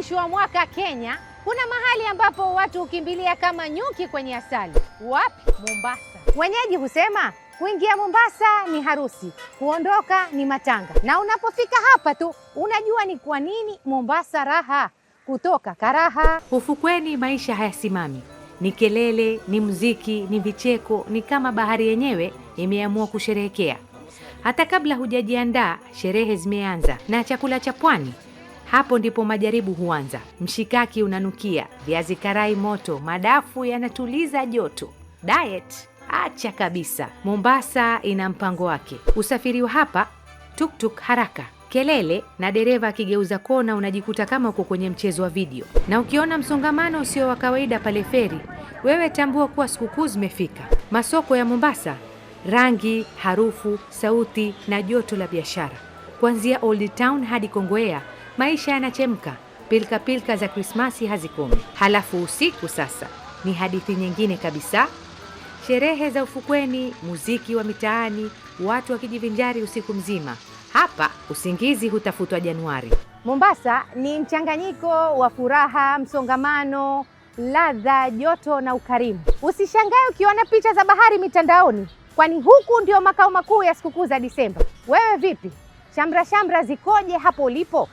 mwisho wa mwaka Kenya, kuna mahali ambapo watu hukimbilia kama nyuki kwenye asali. Wapi? Mombasa. Wenyeji husema kuingia Mombasa ni harusi, kuondoka ni matanga. Na unapofika hapa tu unajua ni kwa nini Mombasa raha kutoka karaha. Ufukweni maisha hayasimami, ni kelele, ni muziki, ni vicheko, ni kama bahari yenyewe imeamua kusherehekea. Hata kabla hujajiandaa, sherehe zimeanza na chakula cha pwani hapo ndipo majaribu huanza. Mshikaki unanukia, viazi karai moto, madafu yanatuliza joto. Diet acha kabisa. Mombasa ina mpango wake. Usafiri wa hapa tuktuk, haraka kelele na dereva akigeuza kona, unajikuta kama uko kwenye mchezo wa video. Na ukiona msongamano usio wa kawaida pale feri, wewe tambua kuwa sikukuu zimefika. Masoko ya Mombasa, rangi, harufu, sauti na joto la biashara, kuanzia Old Town hadi Kongowea. Maisha yanachemka, pilka pilka za Krismasi hazikomi. Halafu usiku sasa ni hadithi nyingine kabisa. Sherehe za ufukweni, muziki wa mitaani, watu wakijivinjari usiku mzima. Hapa usingizi hutafutwa Januari. Mombasa ni mchanganyiko wa furaha, msongamano, ladha, joto na ukarimu. Usishangae ukiona picha za bahari mitandaoni, kwani huku ndio makao makuu ya sikukuu za Disemba. Wewe vipi? Shamra shamra zikoje hapo ulipo?